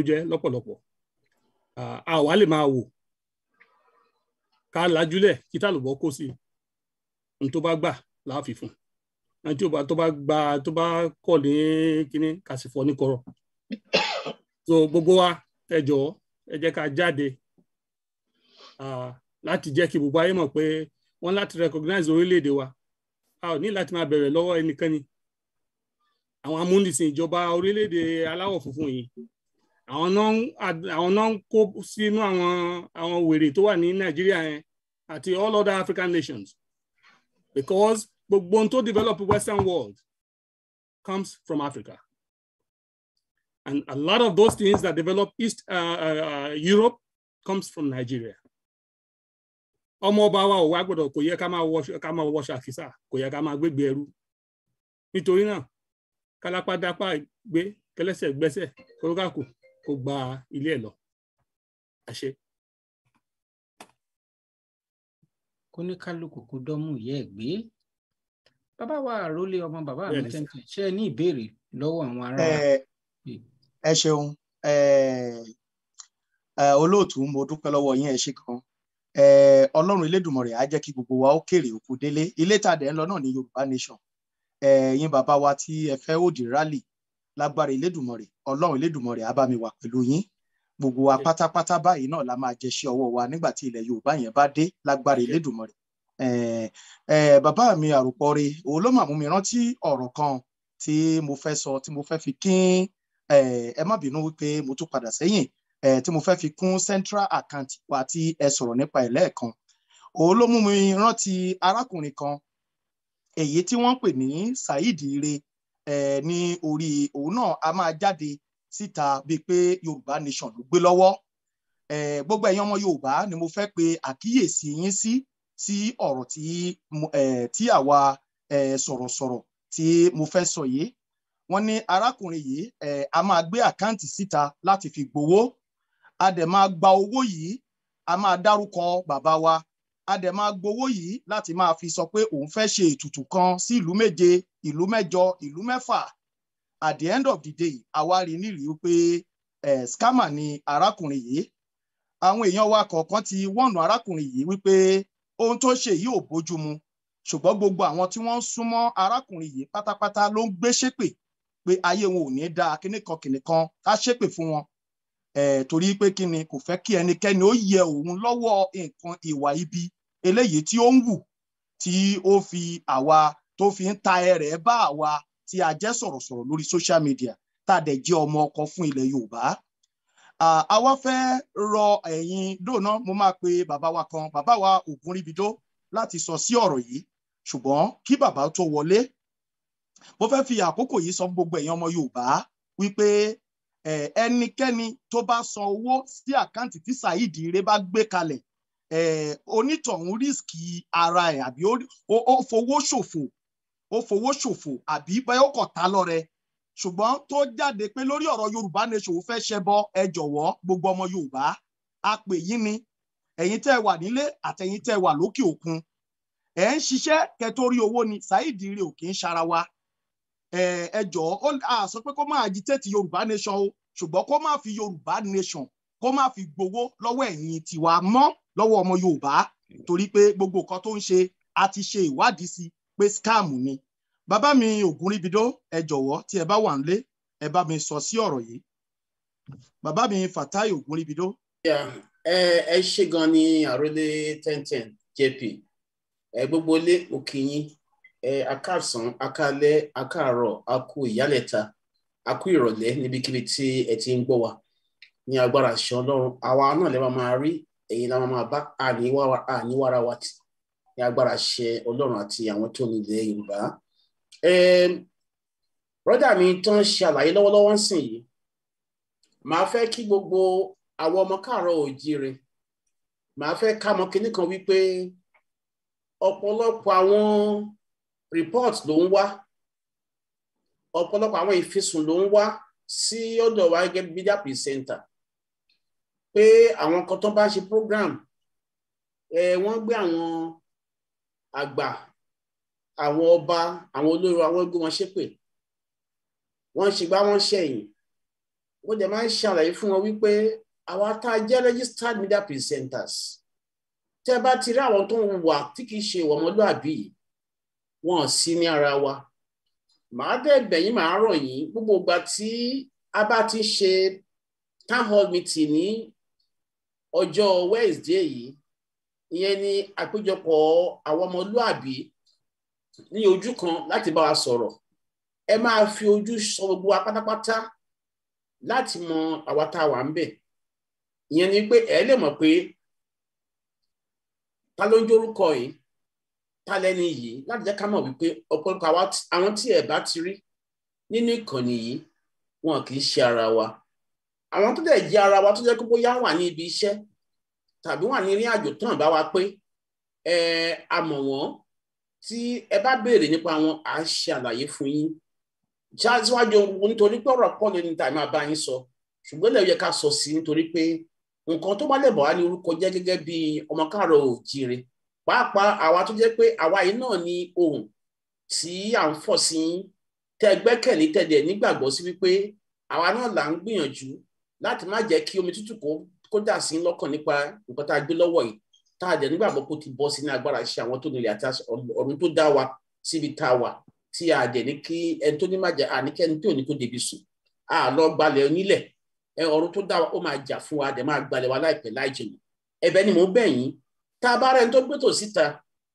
tó jẹ́ lọ́pọ̀lọpọ̀ àwa lè máa wò ká lajúlẹ̀ kí tàlùbọ̀ kó sí n tó bá gbà láàfin fún ẹni tí tó bá gba tó bá kọ̀ ní kínní ká sì fọ́ ní kọ̀rọ̀ so gbogbo wa ẹ jọ̀ọ́ ẹ jẹ́ ká jáde láti jẹ́ kí gbogbo ayé mọ̀ pé wọ́n láti recognize orílẹ̀ wa a ò ní láti máa bẹ̀rẹ̀ lọ́wọ́ ẹnikẹ́ni àwọn amúnisìn ìjọba orílẹ̀-èdè funfun yìí àwọn náà ń kó sínú àwọn àwọn wèrè tó wà ní nàìjíríà yẹn àti all other african nations because gbogbo ohun tó develop western world comes from africa and a lot of those things that develop east uh, uh, europe comes from nigeria ọmọ ọba wa ò wá gbọ́dọ̀ kò yẹ ká máa wọṣọ ká máa wọṣọ àkísà kò yẹ ká máa gbégbé ẹrú nítorí náà kálápádápá gbé kẹlẹ́sẹ̀ gbẹ́sẹ̀ kólókàkù kó gba ilé ẹ̀ lọ àṣẹ. kóníkálukú kò dánmú ìyá ẹ̀ gbé bàbá wa àròlé ọmọ bàbá mi tẹ́ntẹ́ ṣe ní ìbéèrè lọ́wọ́ àwọn ará wa. ẹ ṣeun olóòtú mo dúpẹ́ lọ́wọ́ yín ẹ ṣe kan ọlọ́run elédùnmọ̀rẹ̀ á jẹ́ kí gbogbo wa ó kéré òkú délé ilé tàdé ńlọ náà ní yorùbá nation ẹ̀yin bàbá wa tí ẹ fẹ́ òdì rally lágbára Elédùmarè Ọlọ́run Elédùmarè á bá mi wà pẹ̀lú yín gbogbo wa pátápátá báyìí náà la máa jẹṣẹ́ ọwọ́ wa nígbà tí ilẹ̀ Yorùbá yẹn bá dé lágbára Elédùmarè bàbá mi àròpọ̀ re òun ló mà mú mi rántí ọ̀rọ̀ kan tí mo fẹ́ sọ tí mo fẹ́ fi kín ẹ má bínú wípé mo tún padà sẹ́yìn tí mo fẹ́ fi kún central account wa tí ẹ sọ̀rọ̀ nípa ẹ̀ lẹ́ẹ̀kan òun ló mú mi rántí arákùnrin kan èyí tí wọ́n pè ní Saheed Ire ní orí òun náà a máa jáde síta bíi pé Yorùbá Nation ló gbé lọ́wọ́ gbogbo ẹ̀yin ọmọ Yorùbá ni mo fẹ́ pe àkíyèsí yín sí sí ọ̀rọ̀ tí àwa sọ̀rọ̀sọ̀rọ̀ tí mo fẹ́ sọ yìí wọ́n ní arákùnrin yìí a máa gbé àkáǹtì síta láti fi gbowó a dẹ̀ máa gba owó yìí a máa dárúkọ bàbá wa a dẹ̀ máa gbowó yìí láti máa fi sọ pé òun fẹ́ ṣe ètùtù kan sí ìlú méje ìlú mẹ́jọ ìlú mẹ́fà at the end of the day àwa rí nílùú pé eh, scammer ni arákùnrin yìí àwọn èèyàn wa kọ̀ọ̀kan ti wọ́nà arákùnrin yìí wípé ohun tó ṣe yìí ò bójú mu ṣùgbọ́n gbogbo àwọn tí wọ́n ń súnmọ́ arákùnrin yìí pátápátá ló ń gbé ṣépè pé ayé wọn ò ní da kíníkan kíníkan ká ṣépè fún wọn torí pé kíni kò fẹ́ kí ẹnikẹ́ni ó yẹ òun lọ́wọ́ nǹkan ìwà ibi eléyìí tí ó ń wù tí ó fi àwa tó fi ń ta ẹrẹ̀ bá àwa tí a jẹ́ sọ̀rọ̀sọ̀rọ̀ lórí social media tá a dẹ̀ jẹ́ ọmọ ọkọ fún ilẹ̀ Yorùbá àwa fẹ́ rọ ẹ̀yin dóònà mo máa pe bàbá wa kan bàbá wa Ògúnríbidó láti sọ sí ọ̀rọ̀ yìí ṣùgbọ́n kí bàbá tó wọlé mo fẹ́ fi àkókò yìí sọ gbogbo ẹ̀yin ọmọ Yorùbá wípé ẹnikẹ́ni tó bá san owó sí àkáǹtì tí Saheed Ire bá gbé kalẹ̀ Eh, onítọ̀hún rísíkì ara ẹ̀ àbí ó fowó ṣòfò ó fowó ṣòfò àbí bẹ́ẹ̀ ó kọ̀ tá lọ́rẹ ṣùgbọ́n tó jáde pé lórí ọ̀rọ̀ Yorùbá nation fẹ́ ṣẹbọ ẹ jọ̀wọ́ gbogbo ọmọ Yorùbá a pè yín ni ẹ̀yin tẹ́ wà nílé àtẹ̀yin tẹ́ wà lókè òkun ẹ̀ ń ṣiṣẹ́ kẹtórí owó ni Saheed Ire ò kì í ṣara wa ẹ jọ̀ọ́ a sọ pé kó máa agitate Yorùbá nation o ṣùgbọ́n kó máa fi Yorùbá nation kó máa fi gbowó lọ́wọ́ ẹ̀yin tiwa mọ́ lọ́wọ́ ọmọ Yorùbá torí pé gbogbo nǹkan tó ń ṣe a ti ṣe ìwádìí sí pé scam ni bàbá mi Ògúnríbidó ẹ jọ̀wọ́ tí ẹ bá wà nílé ẹ bá mi sọ sí ọ̀rọ̀ yìí bàbá mi Fatai Ògúnríbidó. ẹ ṣe gan ni àròlé ten ten jp ẹ gbogbo lé òkè yín ẹ akásán akálẹ́ akáàárọ̀ akú ìyálẹ̀ta akú ìrọ̀lẹ́ níbikíbi tí ẹ ti ń gbọ́ wa ní agbára ṣe Ọlọ́run àwa náà lè máa rí èyí la máa bá àníwára wa tì ní agbára ṣe ọlọ́run àti àwọn tó nílẹ̀ yorùbá. brọ́dà mi tó ń ṣe àlàyé lọ́wọ́lọ́wọ́ ń sìn yìí màá fẹ́ kí gbogbo àwọn ọmọ káàárọ̀ oòjíire màá fẹ́ ká mọ kinní kan wípé ọ̀pọ̀lọpọ̀ àwọn report ló ń wá ọ̀pọ̀lọpọ̀ àwọn ìfisùn ló ń wá sí ọ̀dọ̀ wa gẹ́gẹ́ bí media presenter pé àwọn kan tó bá ṣe program ẹ wọ́n gbé àwọn àgbà àwọn ọba àwọn olóró àwọn ẹgbẹ́ wọn ṣépè wọ́n ṣe gbá wọ́n ṣẹ̀yìn mo dẹ̀ máa ń ṣàlàyé fún wọn wípé àwa tá a jẹ́ registered media presenters tẹ́ bá ti rí àwọn tó ń wà tí kì í ṣe ìwà ọmọlúàbí yìí wọn ò sí ní ara wa màá dẹ̀ bẹ̀yìn màá rọ̀ yín gbogbo ìgbà tí a bá ti ṣe town hall meeting ní ọjọ́ Wednesday yìí ìyẹn ni àpéjọpọ̀ àwọn ọmọlúàbí ní ojú kan láti bá wa sọ̀rọ̀ ẹ máa fi ojú sọ gbogbo wa pátápátá láti mọ àwa tá a wà ń bẹ̀ ìyẹn ni pé ẹ lè mọ̀ pé ta ló ń jórúkọ yìí ta lẹ́ni yìí láti jẹ́ ká mọ̀ wípé ọ̀pọ̀lọpọ̀ àwọn tí ẹ bá ti rí nínú ìkànnì yìí wọn kì í ṣe ara wa àwọn tó dẹ̀ jẹ́ ara wa tó jẹ́ kó bóyá wà ní ibi iṣẹ́ tàbí wà ní ìrìn àjò tán bá wa pé ẹ àmọ̀ wọ́n tí ẹ bá béèrè nípa wọn à ń ṣe àlàyé fún yín síwájú ohun nítorí pé ọ̀rọ̀ pọ̀ lónìí tàbí máa bá yín sọ ṣùgbọ́n lè yẹ ká sọ sí nítorí pé nǹkan tó bá lè bọ̀ wá ní orúkọ jẹ́ gẹ́gẹ́ bí ọmọ káàrọ̀ òjíire pàápàá àwa tó jẹ́ pé àwa yìí náà ni ohun tí à ń fọ̀ sí tẹ́ gbẹ́kẹ̀lé tẹ̀dẹ̀ nígbàgbọ́ sí wípé àwa náà là ń gbìyànjú láti má jẹ́ kí omi tútù kó dà sí lọ́kàn nípa nǹkan tá a gbé lọ́wọ́ yìí tá a dẹ̀ nígbàgbọ́ kó ti bọ́ sí ní agbára ṣe àwọn tó nílẹ̀ àti ọ̀run tó dá wa síbi tá a wà tí a dẹ̀ ní kí ẹni tó ní má jẹ́ àníkẹ́ni tí ò ní kó débi sùn a lọ gbalẹ̀ onílẹ̀ ọ̀run tó dá wa ó máa jà fún wa dẹ̀ máa gbalẹ̀ wa láìpẹ́ láì jìnnà ẹ̀bẹ̀ ni mò bẹ̀ yín tá a bá rẹ̀ ń tó gbé tò síta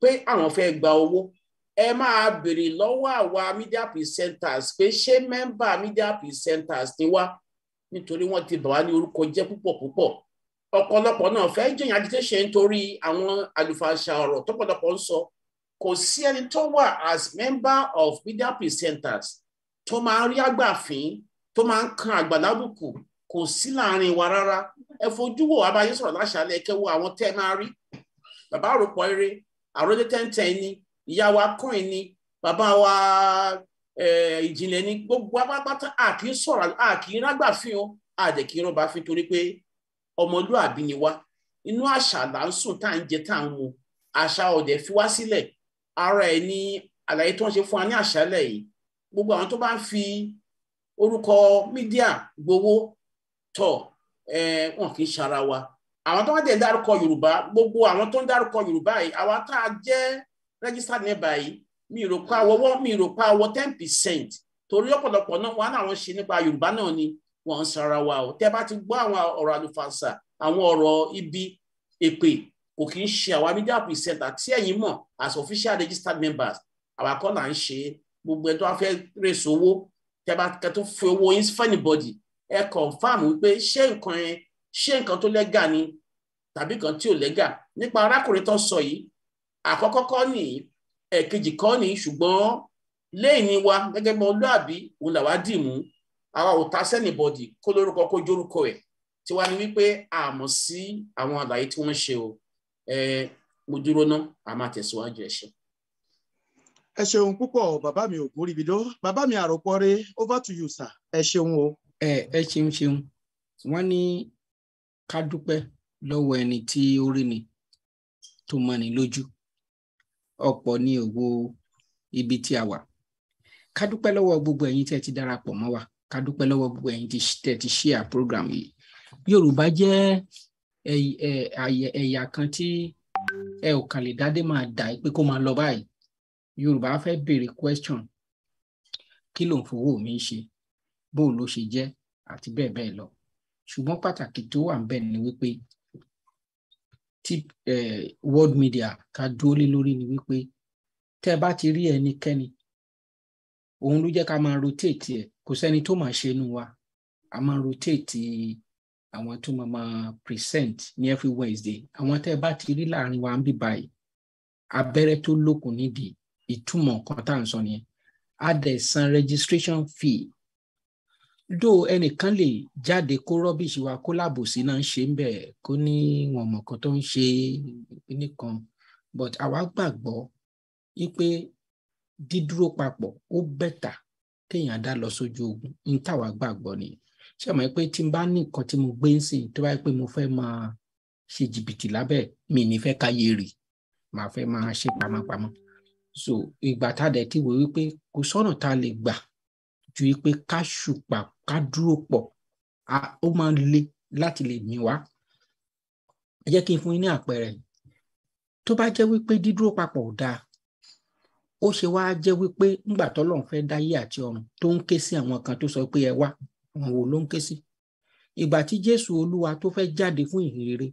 pé àwọn fẹ́ gba owó ẹ máa béèrè lọ́wọ́ àwa media presenters pé ṣé mẹ́mbà media presenters ni wá nítorí wọ́n ti bà wá ní orúkọ jẹ́ púpọ̀ púpọ̀ ọ̀pọ̀lọpọ̀ náà fẹ́ jẹ̀yìn agitation nítorí àwọn àlùfàṣà ọ̀rọ̀ tọ́pọ̀lọpọ̀ ń sọ kò sí ẹni tó wà as member of media presenters tó máa rí àgbàfín tó máa ń kan àgbàlábùkù kò sí láàrin wa rárá ẹ fojú wo abáyé sọ̀rọ̀ láṣàlẹ̀ ẹ kẹ́wọ́ àwọn tẹ́ máa rí bàbá àròpọ̀ eré àròdé tẹ́ńtẹ́ ni ìyá wa kọ́ìn ni bàbá wa Eh, ìjìnlẹ̀ ni gbogbo apápátá àkì ń sọ̀rọ̀ àkì ń rágbà fi hàn àdẹ̀kì ń rọ̀bà fi torí pé ọmọlúàbí ni wá inú àṣà là ń sùn tá à ń jẹ tá à ń mu àṣà ọ̀dẹ̀ fi wá sílẹ̀ ara ẹ̀ ní àlàyé tó ń ṣe fún wa ní àṣálẹ̀ yìí gbogbo àwọn tó bá ń fi orúkọ mídíà gbowó tọ̀ eh, wọn kì í ṣara wa àwọn tó wá dẹ̀ dárúkọ yorùbá gbogbo àwọn tó ń dárúkọ yorùbá yìí àwa tá a jẹ́ registered member mi rò pa àwọwọ́ mi rò pa àwọ ten percent torí ọ̀pọ̀lọpọ̀ náà wọn àwọn ṣe nípa Yorùbá náà ni wọn ń sara wa o tẹ́ bá ti gbọ́ àwọn ọ̀rọ̀ àlùfàǹsà àwọn ọ̀rọ̀ ibi èpè kò kì í ṣe àwa media presenter tí ẹ̀yin mọ̀ as official registered members àwa kọ́ là ń ṣe gbogbo ẹ̀ tó wá fẹ́ rèsò owó tẹ́ bá kẹ́ tó fi owó yín fẹ́ anybody ẹ confirm wípé ṣé nǹkan yẹn ṣé nǹkan tó lẹ́gà ni tàbí kan tí ò lẹ́gà nípa arákùnrin tó sọ yìí àkọ́kọ́ nìyí ẹ̀kejì kan ni ṣùgbọ́n lẹ́yìn wa gẹ́gẹ́ bí ọlọ́àbí òun làwa dì mú àwa ò ta sẹ́nìbọ̀dì kó lórúkọ kó jórúkọ ẹ̀ tí wàá ní wípé àmọ̀ sí àwọn àlàyé tí wọ́n ṣe o mo dúró ná a máa ẹ̀ ṣe. ẹ ṣeun púpọ̀ bàbá mi ò gún ríbi bàbá mi àròpọ̀ rẹ over to you sir ẹ ṣeun o. ẹ ẹ ṣeun ṣeun wọn ní ká dúpẹ́ lọ́wọ́ ẹni tí ó rí ni tó mọ ni lójú ọ̀pọ̀ ni òwò ibi tí a wà ká dúpẹ́ lọ́wọ́ gbogbo ẹ̀yin tẹ́ ti darapọ̀ mọ́ wa ká dúpẹ́ lọ́wọ́ gbogbo ẹ̀yin tẹ́ ti share program yìí Yorùbá jẹ́ ẹ̀yà kan tí ẹ ò kàn lè dádé máa dà pé kó máa lọ báyìí Yorùbá fẹ́ béèrè question kí ló ń fowó mi ṣe bó ló ṣe jẹ́ àti bẹ́ẹ̀ bẹ́ẹ̀ lọ ṣùgbọ́n pàtàkì tó wà ń bẹ̀ ni wípé tí world media ká dúró lé lórí ni wípé tẹ́ ẹ bá ti rí ẹnikẹ́ni òun ló jẹ́ ká máa rotate ẹ̀ kò sẹ́ni tó máa ṣe inú wa a máa rotate àwọn tó máa máa present ní every Wednesday àwọn tẹ́ ẹ bá ti rí láàrin wa ń bí báyìí abẹ́rẹ́ tó lókun nídìí ìtumọ̀ kan tá à ń sọ nìyẹn a dẹ̀ san registration fee dó ẹnìkan lè jáde kó rọ́bìṣì wa kó lábòsí náà ń ṣe ń bẹ̀ kó ní wọn mọ̀kan tó ń ṣe nìkan but àwa gbàgbọ́ wípé dídúró papọ̀ ó bẹ̀tà kéèyàn dá lọ sójú ogun ní táwa gbàgbọ́ ni ṣé mọ̀ pé tí n bá ní nǹkan tí mo gbé ń sìn tó bá yẹ pé mo fẹ́ máa ṣe jìbìtì lábẹ́ mi ní fẹ́ káyé rè màá fẹ́ máa ṣe pamọ́pamọ́ so ìgbà tá a dẹ̀ ti wò wípé kò sọ́nà tá a lè gbà ju wípé ká ṣù ká dúró pọ̀ ó máa ń le láti lè mí wá ẹ jẹ́ kí n fún yín ní àpẹẹrẹ tó bá jẹ́ wípé dídúró papọ̀ ò dáa ó ṣe wá jẹ́ wípé ńgbà tọ́lọ́run fẹ́ dáyé àti ọ̀run tó ń ké sí àwọn kan tó sọ pé ẹ wá àwọn wo ló ń ké sí ìgbà tí Jésù Olúwa tó fẹ́ jáde fún ìhìnrere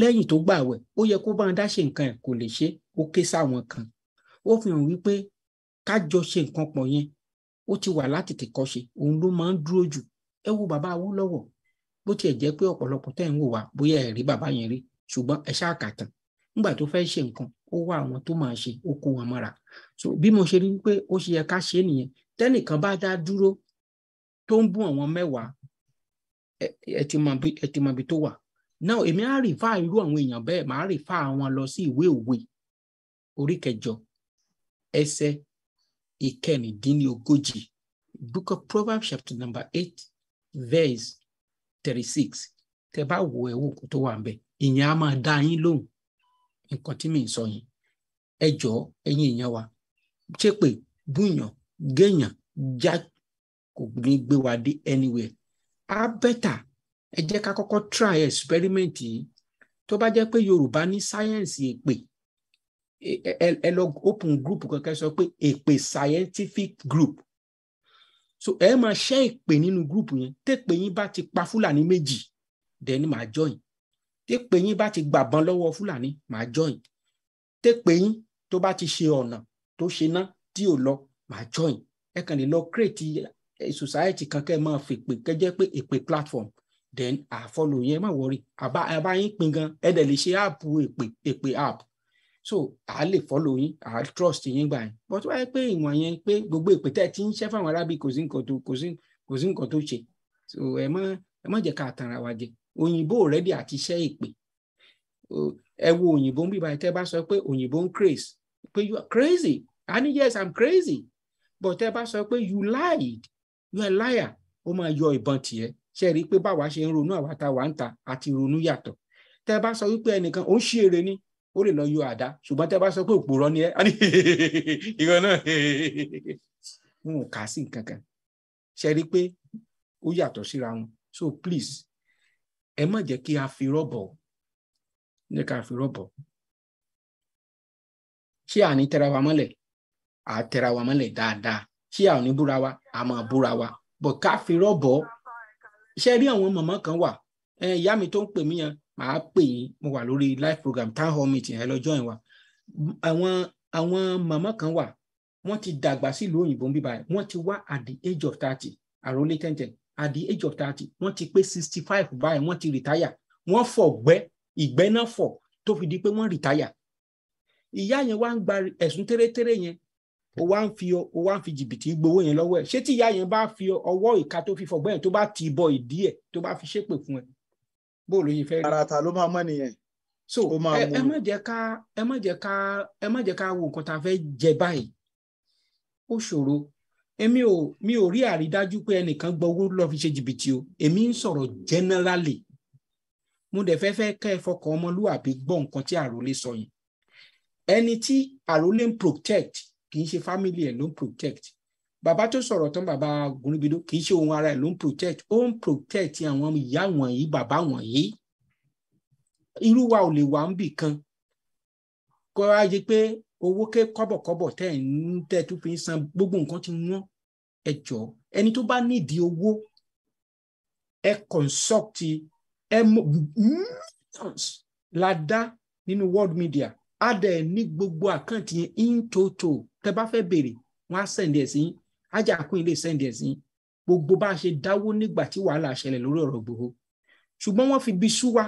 lẹ́yìn tó gbààwẹ̀ ó yẹ kó bá ń dá ṣe nǹkan ẹ̀ kò lè ṣe ó ké sáwọn kan ó fi hàn wípé ká jọ ṣe nǹkan pọ̀ yẹn ó ti wà láti tìkọ́ṣe òun ló máa ń dúró jù ẹ wo bàbá Awólọ́wọ̀ bó tiẹ̀ jẹ́ pé ọ̀pọ̀lọpọ̀ tẹ́ ń wò wá bóyá ẹ̀ bàbá yẹn rí ṣùgbọ́n ẹ ṣáà kà nígbà tó fẹ́ ṣe nǹkan ó wá àwọn tó máa ṣe ó kó wọn mọ́ra so bí mo ṣe rí pé ó ṣe yẹ ká ṣe é nìyẹn tẹ́nìkan bá dá dúró tó ń bú àwọn mẹ́wàá ẹ ti mọ ibi tó wà náà èmi á rìfà irú àwọn èèyàn bẹ́ẹ̀ màá rìfà wọn lọ sí ìwé òwe orí kẹjọ ẹsẹ ìkẹrìndínlógójì book of proverbs chapter number 8 verse thirty-six tẹ bá wo ẹ̀wò kó tó wà ń bẹ̀ ìyẹn á máa dá yín lóhùn nǹkan ẹ ẹ̀yin wa ṣé pé búyàn kò ní gbé wa dé anywhere bẹ́tà ẹ jẹ́ ká kọ́kọ́ try experiment yìí tó bá yorùbá ní sáyẹ́ǹsì èpè ẹ lọ open group kankan sọ pé èpè scientific group so ẹ máa ṣẹ́ èpè nínú group yẹn tẹ́pẹ́ yín bá ti pa fúlàní méjì then màá join tẹ́pẹ́ yín bá ti gbàbọn lọ́wọ́ fúlàní màá join tẹ́pẹ́ yín tó bá ti ṣe ọ̀nà tó ṣe ná tí ò lọ màá join ẹ kàn lè lọ create eh, society kan kẹ́ ẹ máa fèpè kẹ́ pé èpè platform then àfọlò yẹn má wọrí àbá àbá yín pin gan ẹ dẹ̀ lè ṣe app èpè èpè app so à á lè follow yín à trust yín gbà yín but wáyé pé ìwọ̀n yẹn pé gbogbo ìpè tẹ́ ẹ ti ń ṣẹ́ fáwọn arábì kò sí nǹkan tó kò sí kò sí nǹkan tó ṣe so ẹ má ẹ má jẹ́ ká tanra wa jẹ òyìnbó rẹ́dí àti ṣẹ́ ìpè ẹ wo òyìnbó ń bíbá tẹ́ bá sọ pé òyìnbó ń craze pé you are crazy i mean yes i'm crazy but tẹ́ bá sọ pé you lied you are liar ó máa yọ ìbọn tiẹ̀ ṣe rí i pé báwa ṣe ń ronú àwa ta wà ń ta àti ronú yàtọ̀ tẹ́ bá sọ wípé ẹnìkan ó ń ṣe èrè ni ó lè lọ yọ àdá ṣùgbọ́n tẹ́ bá sọ pé òpòrọ́ ni ẹ́ á ní ìrọ̀ náà n ò kà sí nǹkan kan ṣe rí i pé ó yàtọ̀ síra wọn so please ẹ má jẹ́ kí a fi rọ́bọ̀ jẹ́ ká fi rọ́bọ̀ ṣé à tẹra wa mọ́lẹ̀ à tẹra wa mọ́lẹ̀ dáadáa ṣé à búra wa à máa búra wa bọ̀ ká fi rọ́bọ̀ ṣe rí àwọn màmá kan wà ìyá mi tó ń pè mí yẹn màá pè yín mo wà lórí live program town hall meeting ẹ lọ join wa àwọn àwọn màmá kan wà wọ́n ti dàgbà sílùú òyìnbó bíbá ẹ̀ wọ́n ti wá at the age of thirty àròlé ten, at the age of thirty wọ́n ti pé sixty five báyìí wọ́n ti retire wọ́n fọ̀ gbẹ́ ìgbẹ́ náà fọ̀ tó fi di pé wọ́n retire ìyá yẹn wá ń gba ẹ̀sùn tẹ́rẹ́tẹ́rẹ́ yẹn o wá ń fi o wá ń fi jìbìtì gbowó yẹn lọ́wọ́ ẹ̀ ṣé tí ìyá yẹn bá fi ọwọ́ ìka tó fi fọ̀gbẹ́ yẹn tó bá ti bọ ìdí ẹ̀ tó bá fi ṣépè fún ẹ bóòlù yìí fẹ́ rí. ara ta ló máa mọ̀ nìyẹn. so ẹ má jẹ́ ká ẹ má jẹ́ ká ẹ má jẹ́ ká wo nǹkan tá a fẹ́ jẹ báyìí ó ṣòro èmi ò mi ò rí àrídájú pé ẹnìkan gbọ́ lọ fi ṣe jìbìtì o èmi ń sọ̀rọ̀ generally mo dẹ̀ fẹ́ fẹ́ kẹ́ ẹ fọkàn ọmọlúwàbí gbọ́ nǹkan tí àròlé sọ yìí ẹni tí àròlé ń protect kì í ṣe family ẹ̀ ló ń protect bàbá tó sọ̀rọ̀ tán bàbá gúnrúgbìdó kì í ṣe ohun ara ẹ̀ ló ń protect ó ń protect àwọn ìyá wọ̀nyí bàbá wọ̀nyí irú wa ò lè wà ń bì kan kó wá yẹ pé owó ké kọ́bọ̀kọ́bọ̀ tẹ́ ẹ̀ ń tẹ́ tó fi ń san gbogbo nǹkan ti wọ́n ẹ jọ ẹni tó bá nídìí owó ẹ consult ẹ millions la dá nínú world media á dẹ̀ ní gbogbo àkáǹtì yẹn in total tẹ́ bá fẹ́ béèrè wọ́n á sẹ̀ǹdẹ̀ sí yín ajakun ilé sẹ́ndì ẹ̀sìn gbogbo bá a ṣe dáwó nígbà tí wàhálà ṣẹlẹ̀ lórí ọ̀rọ̀ gbòho ṣùgbọ́n wọ́n fi bí sú wa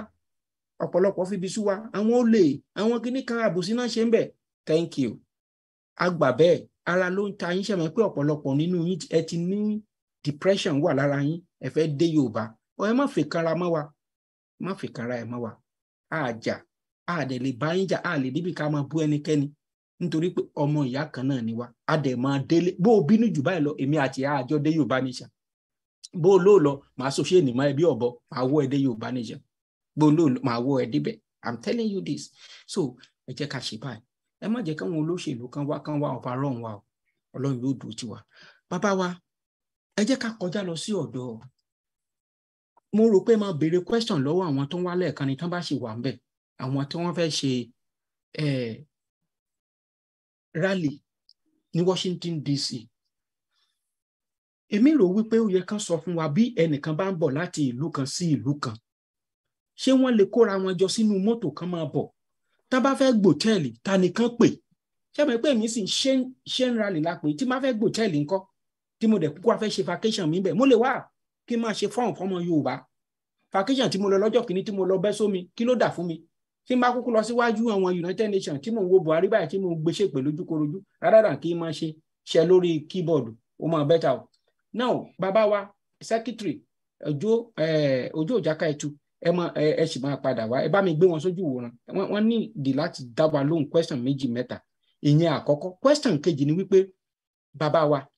ọ̀pọ̀lọpọ̀ fi bí sú wa àwọn olè àwọn kinní kan àbòsí náà ṣe ń bẹ̀ thank you àgbà bẹ́ẹ̀ ara ló ń ta yín ṣẹ̀mọ́ pé ọ̀pọ̀lọpọ̀ nínú yín ẹ ti ní depression wà lára yín ẹ fẹ́ dé Yorùbá ọ ẹ má fi kanra mọ́ wa má fi kanra ẹ mọ́ wa àjà àdẹ̀lẹ̀ bá jà àlè níbi ká máa bú ẹnikẹ́ni nítorí pé ọmọ ìyá kan náà ni wa a dẹ̀ máa délé bó o bínú jù báyìí lọ èmi àti ìyá àjọ dé Yorùbá nation bó o lò lọ màá so ṣé nìmọ ẹbí ọbọ màá wọ ẹ dé Yorùbá nation bó o lò lọ màá wọ ẹ débẹ̀ i'm telling you this so ẹ jẹ́ ká ṣe báyìí ẹ má jẹ́ káwọn olóṣèlú kan wá kan wá ọba ọlọ́run wa o ọlọ́run yóò dùn tiwa bàbá wa ẹ jẹ́ ká kọjá lọ sí ọ̀dọ̀ mo rò pé máa béèrè question lọ́wọ́ àwọn tó ń wá lẹ́ẹ̀kan ni tán bá ṣì wà ń bẹ̀ àwọn tí wọ́n fẹ́ ṣe rally ní Washington DC èmi rò wípé ó yẹ kán sọ fún wa bí ẹnìkan bá ń bọ̀ láti ìlú kan sí ìlú kan ṣé wọ́n lè kóra wọn jọ sínú mọ́tò kan máa bọ̀ tá bá fẹ́ gbòtẹ́ẹ̀lì ta nìkan pè ṣé mo pé mi sì ń ṣe ń rally la pè tí má fẹ́ gbòtẹ́ẹ̀lì ńkọ́ tí mo dẹ̀ kúkú afẹ́ ṣe vacation mi bẹ̀ mo lè wá kí n máa ṣe fọ́ọ̀n fọ́mọ Yorùbá vacation tí mo lọ lọ́jọ́ kìíní tí mo lọ bẹ́ sómi kí ló dà fún mi tí n bá kúkú lọ síwájú àwọn United Nations tí mò ń wo Buhari báyìí tí mò ń gbéṣẹ́ pẹ̀lú ojúkorojú rárá kí n máa ṣe ṣe lórí kíbọ̀dù ó máa bẹ́tà o. now bàbá wa secretary ojú eh, ojú òjàká ẹtu ẹ mọ ẹ sì máa padà wá ẹ bá mi gbé wọn sójú wòran wọn ní ìdí láti dá wa lóhùn question méjì mẹ́ta ìyẹn àkọ́kọ́ question kejì ni wípé bàbá wa